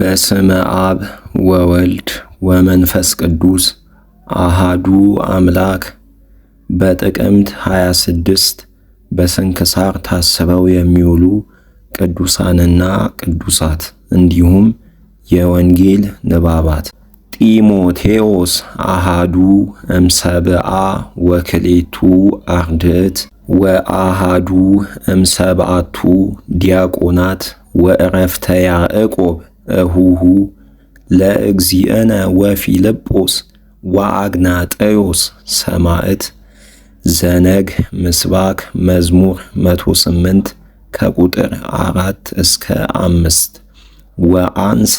በስመ አብ ወወልድ ወመንፈስ ቅዱስ አሃዱ አምላክ። በጥቅምት 26 በስንክሳር ታስበው የሚውሉ ቅዱሳንና ቅዱሳት እንዲሁም የወንጌል ንባባት ጢሞቴዎስ አሃዱ እምሰብአ ወክሌቱ አርድእት ወአሃዱ እምሰብአቱ ዲያቆናት ወእረፍተ ያዕቆብ እሁሁ ለእግዚእነ ወፊልጶስ ወአግናጤዎስ ሰማዕት ዘነግ ምስባክ መዝሙር 108 ከቁጥር አራት እስከ አምስት ወአንሰ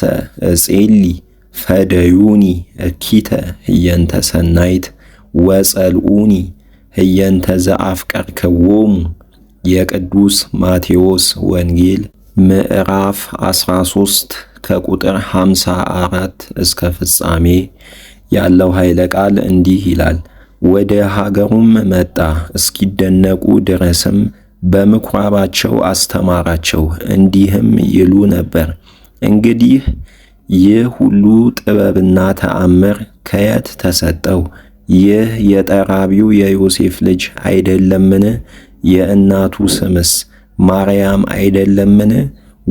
እጼሊ ፈደዩኒ እኪተ ህየንተ ሰናይት ወጸልኡኒ ህየንተ ዘአፍቀርክዎሙ የቅዱስ ማቴዎስ ወንጌል ምዕራፍ 13 ከቁጥር 54 እስከ ፍጻሜ ያለው ኃይለ ቃል እንዲህ ይላል። ወደ ሀገሩም መጣ፣ እስኪደነቁ ድረስም በምኩራባቸው አስተማራቸው። እንዲህም ይሉ ነበር፣ እንግዲህ ይህ ሁሉ ጥበብና ተአምር ከየት ተሰጠው? ይህ የጠራቢው የዮሴፍ ልጅ አይደለምን? የእናቱ ስምስ ማርያም አይደለምን?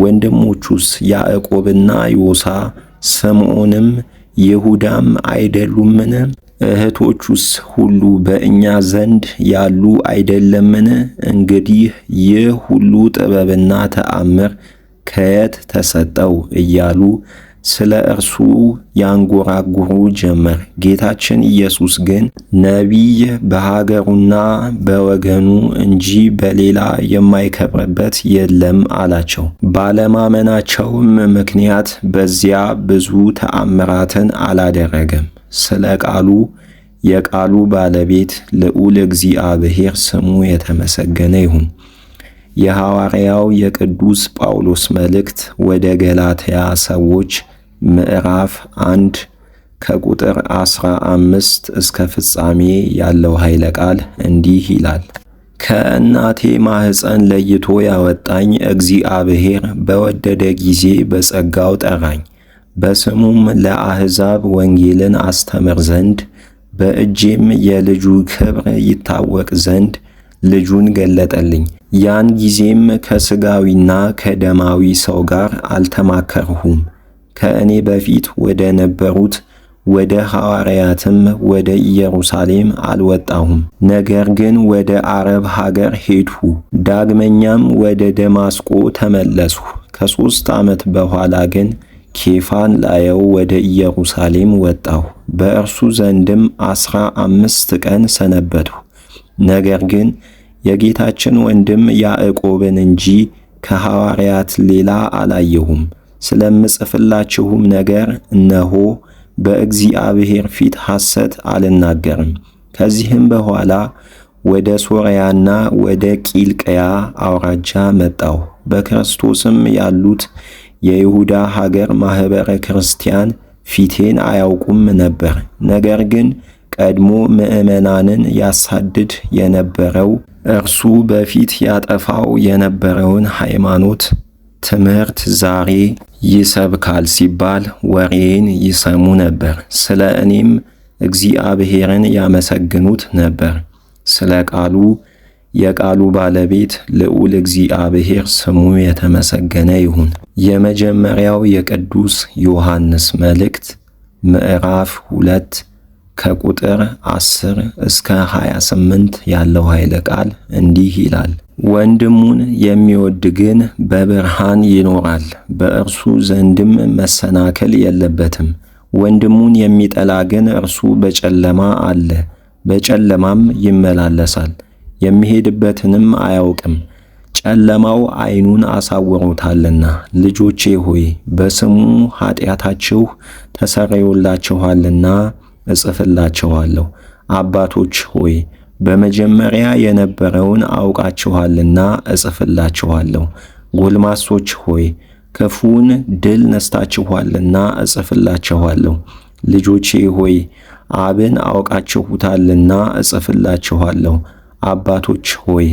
ወንድሞቹስ ያዕቆብና ዮሳ ስምዖንም ይሁዳም አይደሉምን? እህቶቹስ ሁሉ በእኛ ዘንድ ያሉ አይደለምን? እንግዲህ ይህ ሁሉ ጥበብና ተአምር ከየት ተሰጠው? እያሉ ስለ እርሱ ያንጎራጉሩ ጀመር። ጌታችን ኢየሱስ ግን ነቢይ በሀገሩና በወገኑ እንጂ በሌላ የማይከብርበት የለም አላቸው። ባለማመናቸውም ምክንያት በዚያ ብዙ ተአምራትን አላደረገም። ስለ ቃሉ የቃሉ ባለቤት ልዑል እግዚአብሔር ስሙ የተመሰገነ ይሁን። የሐዋርያው የቅዱስ ጳውሎስ መልእክት ወደ ገላትያ ሰዎች ምዕራፍ አንድ ከቁጥር አስራ አምስት እስከ ፍጻሜ ያለው ኃይለ ቃል እንዲህ ይላል። ከእናቴ ማኅፀን ለይቶ ያወጣኝ እግዚአብሔር በወደደ ጊዜ በጸጋው ጠራኝ፣ በስሙም ለአሕዛብ ወንጌልን አስተምር ዘንድ በእጄም የልጁ ክብር ይታወቅ ዘንድ ልጁን ገለጠልኝ። ያን ጊዜም ከስጋዊና ከደማዊ ሰው ጋር አልተማከርሁም። ከእኔ በፊት ወደ ነበሩት ወደ ሐዋርያትም ወደ ኢየሩሳሌም አልወጣሁም። ነገር ግን ወደ አረብ ሀገር ሄድሁ። ዳግመኛም ወደ ደማስቆ ተመለስሁ። ከሦስት ዓመት በኋላ ግን ኬፋን ላየው ወደ ኢየሩሳሌም ወጣሁ። በእርሱ ዘንድም ዐሥራ አምስት ቀን ሰነበትሁ። ነገር ግን የጌታችን ወንድም ያዕቆብን እንጂ ከሐዋርያት ሌላ አላየሁም። ስለምጽፍላችሁም ነገር እነሆ በእግዚአብሔር ፊት ሐሰት አልናገርም። ከዚህም በኋላ ወደ ሶርያና ወደ ቂልቅያ አውራጃ መጣሁ። በክርስቶስም ያሉት የይሁዳ ሀገር ማኅበረ ክርስቲያን ፊቴን አያውቁም ነበር። ነገር ግን ቀድሞ ምዕመናንን ያሳድድ የነበረው እርሱ በፊት ያጠፋው የነበረውን ሃይማኖት ትምህርት ዛሬ ይሰብካል ሲባል ወሬን ይሰሙ ነበር። ስለ እኔም እግዚአብሔርን ያመሰግኑት ነበር። ስለ ቃሉ የቃሉ ባለቤት ልዑል እግዚአብሔር ስሙ የተመሰገነ ይሁን። የመጀመሪያው የቅዱስ ዮሐንስ መልእክት ምዕራፍ ሁለት ከቁጥር 10 እስከ 28 ያለው ኃይለ ቃል እንዲህ ይላል። ወንድሙን የሚወድ ግን በብርሃን ይኖራል፣ በእርሱ ዘንድም መሰናከል የለበትም። ወንድሙን የሚጠላ ግን እርሱ በጨለማ አለ፣ በጨለማም ይመላለሳል፣ የሚሄድበትንም አያውቅም፣ ጨለማው ዓይኑን አሳውሮታልና። ልጆቼ ሆይ በስሙ ኃጢአታችሁ ተሰረዩላችኋልና እጽፍላችኋለሁ። አባቶች ሆይ በመጀመሪያ የነበረውን አውቃችኋልና እጽፍላችኋለሁ። ጎልማሶች ሆይ ክፉውን ድል ነስታችኋልና እጽፍላችኋለሁ። ልጆቼ ሆይ አብን አውቃችሁታልና እጽፍላችኋለሁ። አባቶች ሆይ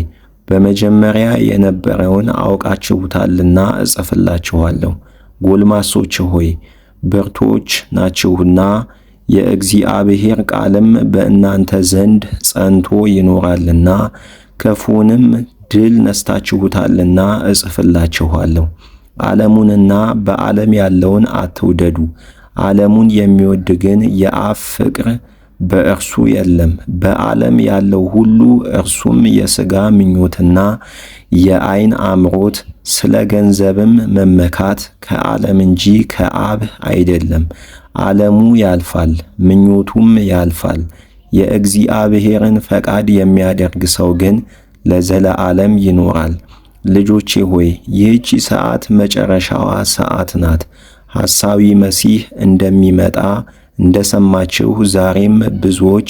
በመጀመሪያ የነበረውን አውቃችሁታልና እጽፍላችኋለሁ። ጎልማሶች ሆይ ብርቶች ናችሁና የእግዚአብሔር ቃልም በእናንተ ዘንድ ጸንቶ ይኖራልና ክፉውንም ድል ነስታችሁታልና እጽፍላችኋለሁ። ዓለሙንና በዓለም ያለውን አትውደዱ። ዓለሙን የሚወድ ግን የአብ ፍቅር በእርሱ የለም። በዓለም ያለው ሁሉ እርሱም የሥጋ ምኞትና የዓይን አምሮት፣ ስለ ገንዘብም መመካት ከዓለም እንጂ ከአብ አይደለም። ዓለሙ ያልፋል፣ ምኞቱም ያልፋል። የእግዚአብሔርን ፈቃድ የሚያደርግ ሰው ግን ለዘለዓለም ይኖራል። ልጆቼ ሆይ ይህቺ ሰዓት መጨረሻዋ ሰዓት ናት። ሐሳዊ መሲህ እንደሚመጣ እንደሰማችሁ ዛሬም ብዙዎች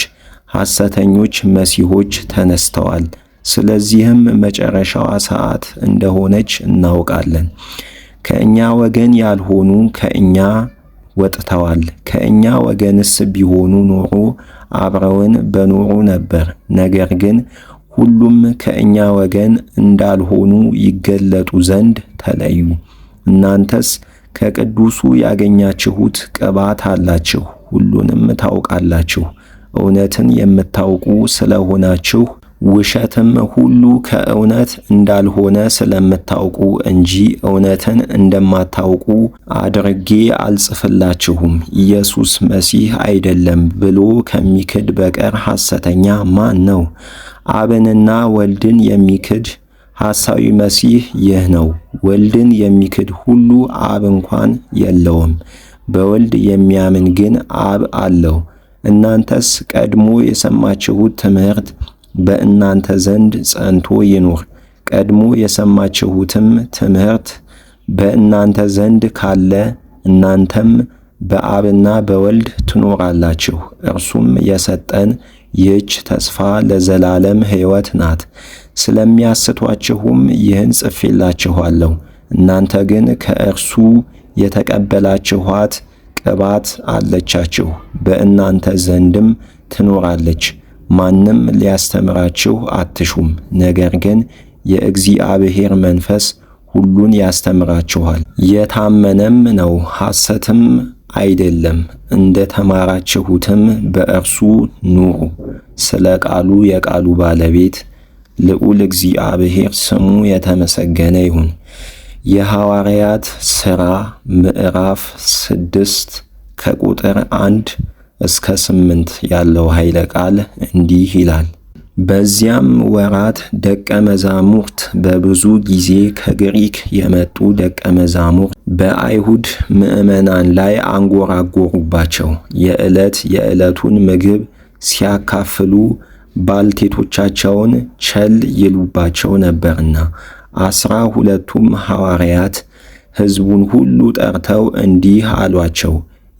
ሐሰተኞች መሲሆች ተነስተዋል። ስለዚህም መጨረሻዋ ሰዓት እንደሆነች እናውቃለን። ከእኛ ወገን ያልሆኑ ከእኛ ወጥተዋል። ከእኛ ወገንስ ቢሆኑ ኖሮ አብረውን በኖሩ ነበር። ነገር ግን ሁሉም ከእኛ ወገን እንዳልሆኑ ይገለጡ ዘንድ ተለዩ። እናንተስ ከቅዱሱ ያገኛችሁት ቅባት አላችሁ፣ ሁሉንም ታውቃላችሁ። እውነትን የምታውቁ ስለሆናችሁ ውሸትም ሁሉ ከእውነት እንዳልሆነ ስለምታውቁ እንጂ እውነትን እንደማታውቁ አድርጌ አልጽፍላችሁም። ኢየሱስ መሲህ አይደለም ብሎ ከሚክድ በቀር ሐሰተኛ ማን ነው? አብንና ወልድን የሚክድ ሐሳዊ መሲህ ይህ ነው። ወልድን የሚክድ ሁሉ አብ እንኳን የለውም። በወልድ የሚያምን ግን አብ አለው። እናንተስ ቀድሞ የሰማችሁት ትምህርት በእናንተ ዘንድ ጸንቶ ይኑር። ቀድሞ የሰማችሁትም ትምህርት በእናንተ ዘንድ ካለ እናንተም በአብና በወልድ ትኖራላችሁ። እርሱም የሰጠን ይህች ተስፋ ለዘላለም ሕይወት ናት። ስለሚያስቷችሁም ይህን ጽፌላችኋለሁ። እናንተ ግን ከእርሱ የተቀበላችኋት ቅባት አለቻችሁ፣ በእናንተ ዘንድም ትኖራለች። ማንም ሊያስተምራችሁ አትሹም፣ ነገር ግን የእግዚአብሔር መንፈስ ሁሉን ያስተምራችኋል፣ የታመነም ነው፣ ሐሰትም አይደለም። እንደ ተማራችሁትም በእርሱ ኑሩ። ስለ ቃሉ የቃሉ ባለቤት ልዑል እግዚአብሔር ስሙ የተመሰገነ ይሁን። የሐዋርያት ሥራ ምዕራፍ ስድስት ከቁጥር አንድ እስከ ስምንት ያለው ኃይለ ቃል እንዲህ ይላል። በዚያም ወራት ደቀ መዛሙርት በብዙ ጊዜ ከግሪክ የመጡ ደቀ መዛሙርት በአይሁድ ምዕመናን ላይ አንጎራጎሩባቸው። የዕለት የዕለቱን ምግብ ሲያካፍሉ ባልቴቶቻቸውን ቸል ይሉባቸው ነበርና አስራ ሁለቱም ሐዋርያት ሕዝቡን ሁሉ ጠርተው እንዲህ አሏቸው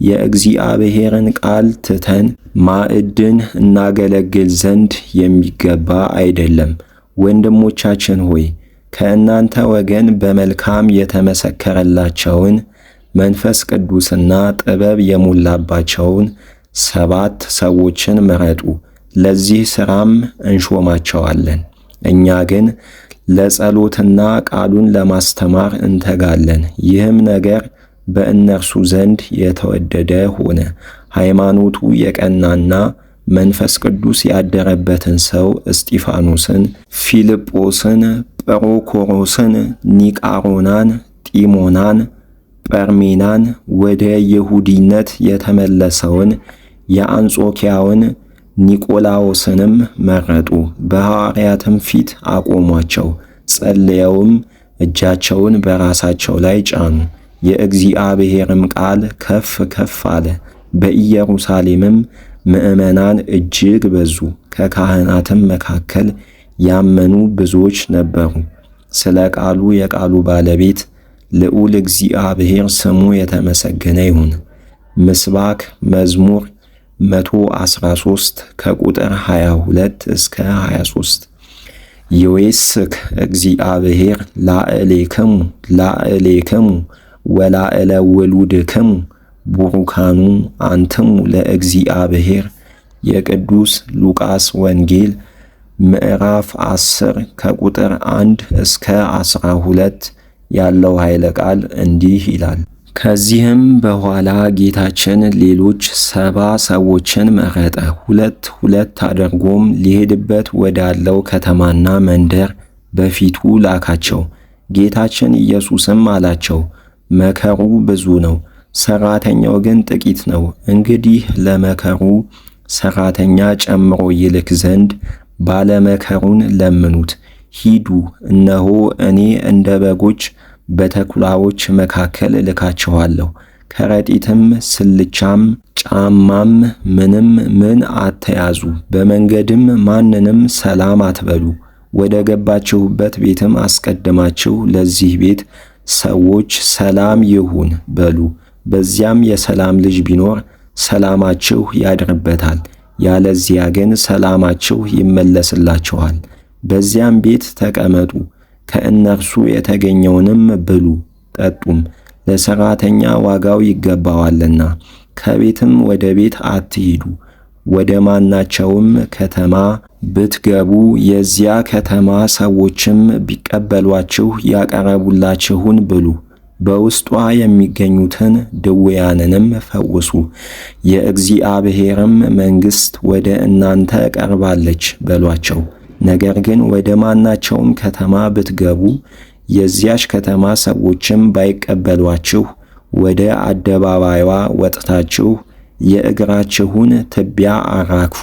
የእግዚአብሔርን ቃል ትተን ማዕድን እናገለግል ዘንድ የሚገባ አይደለም። ወንድሞቻችን ሆይ ከእናንተ ወገን በመልካም የተመሰከረላቸውን መንፈስ ቅዱስና ጥበብ የሞላባቸውን ሰባት ሰዎችን ምረጡ፣ ለዚህ ሥራም እንሾማቸዋለን። እኛ ግን ለጸሎትና ቃሉን ለማስተማር እንተጋለን። ይህም ነገር በእነርሱ ዘንድ የተወደደ ሆነ። ሃይማኖቱ የቀናና መንፈስ ቅዱስ ያደረበትን ሰው እስጢፋኖስን፣ ፊልጶስን፣ ጵሮኮሮስን፣ ኒቃሮናን፣ ጢሞናን፣ ጰርሜናን ወደ ይሁዲነት የተመለሰውን የአንጾኪያውን ኒቆላዎስንም መረጡ። በሐዋርያትም ፊት አቆሟቸው። ጸልየውም እጃቸውን በራሳቸው ላይ ጫኑ። የእግዚአብሔርም ቃል ከፍ ከፍ አለ። በኢየሩሳሌምም ምዕመናን እጅግ በዙ፣ ከካህናትም መካከል ያመኑ ብዙዎች ነበሩ። ስለ ቃሉ የቃሉ ባለቤት ልዑል እግዚአብሔር ስሙ የተመሰገነ ይሁን። ምስባክ መዝሙር 113 ከቁጥር 22 እስከ 23 ይዌስክ እግዚአብሔር ላዕሌክሙ ላዕሌክሙ ወላ ወላእለ ውሉድክሙ ቡሩካኑ አንትሙ ለእግዚአብሔር የቅዱስ ሉቃስ ወንጌል ምዕራፍ 10 ከቁጥር 1 እስከ 12 ያለው ኃይለ ቃል እንዲህ ይላል። ከዚህም በኋላ ጌታችን ሌሎች ሰባ ሰዎችን መረጠ። ሁለት ሁለት አድርጎም ሊሄድበት ወዳለው ከተማና መንደር በፊቱ ላካቸው። ጌታችን ኢየሱስም አላቸው መከሩ ብዙ ነው፣ ሰራተኛው ግን ጥቂት ነው። እንግዲህ ለመከሩ ሰራተኛ ጨምሮ ይልክ ዘንድ ባለመከሩን ለምኑት። ሂዱ፣ እነሆ እኔ እንደ በጎች በተኩላዎች መካከል እልካችኋለሁ። ከረጢትም ስልቻም ጫማም ምንም ምን አትያዙ። በመንገድም ማንንም ሰላም አትበሉ። ወደ ገባችሁበት ቤትም አስቀድማችሁ ለዚህ ቤት ሰዎች ሰላም ይሁን በሉ። በዚያም የሰላም ልጅ ቢኖር ሰላማችሁ ያድርበታል፣ ያለዚያ ግን ሰላማችሁ ይመለስላችኋል። በዚያም ቤት ተቀመጡ፣ ከእነርሱ የተገኘውንም ብሉ ጠጡም፣ ለሠራተኛ ዋጋው ይገባዋልና። ከቤትም ወደ ቤት አትሂዱ። ወደ ማናቸውም ከተማ ብትገቡ የዚያ ከተማ ሰዎችም ቢቀበሏችሁ ያቀረቡላችሁን ብሉ፣ በውስጧ የሚገኙትን ድውያንንም ፈውሱ፣ የእግዚአብሔርም መንግሥት ወደ እናንተ ቀርባለች በሏቸው። ነገር ግን ወደ ማናቸውም ከተማ ብትገቡ የዚያች ከተማ ሰዎችም ባይቀበሏችሁ ወደ አደባባይዋ ወጥታችሁ የእግራችሁን ትቢያ አራግፉ፣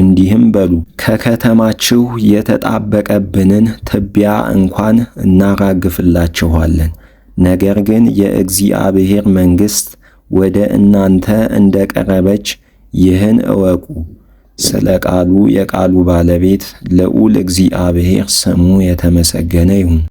እንዲህም በሉ ከከተማችሁ የተጣበቀብንን ትቢያ እንኳን እናራግፍላችኋለን። ነገር ግን የእግዚአብሔር መንግሥት ወደ እናንተ እንደ ቀረበች ይህን እወቁ። ስለ ቃሉ የቃሉ ባለቤት ልዑል እግዚአብሔር ስሙ የተመሰገነ ይሁን።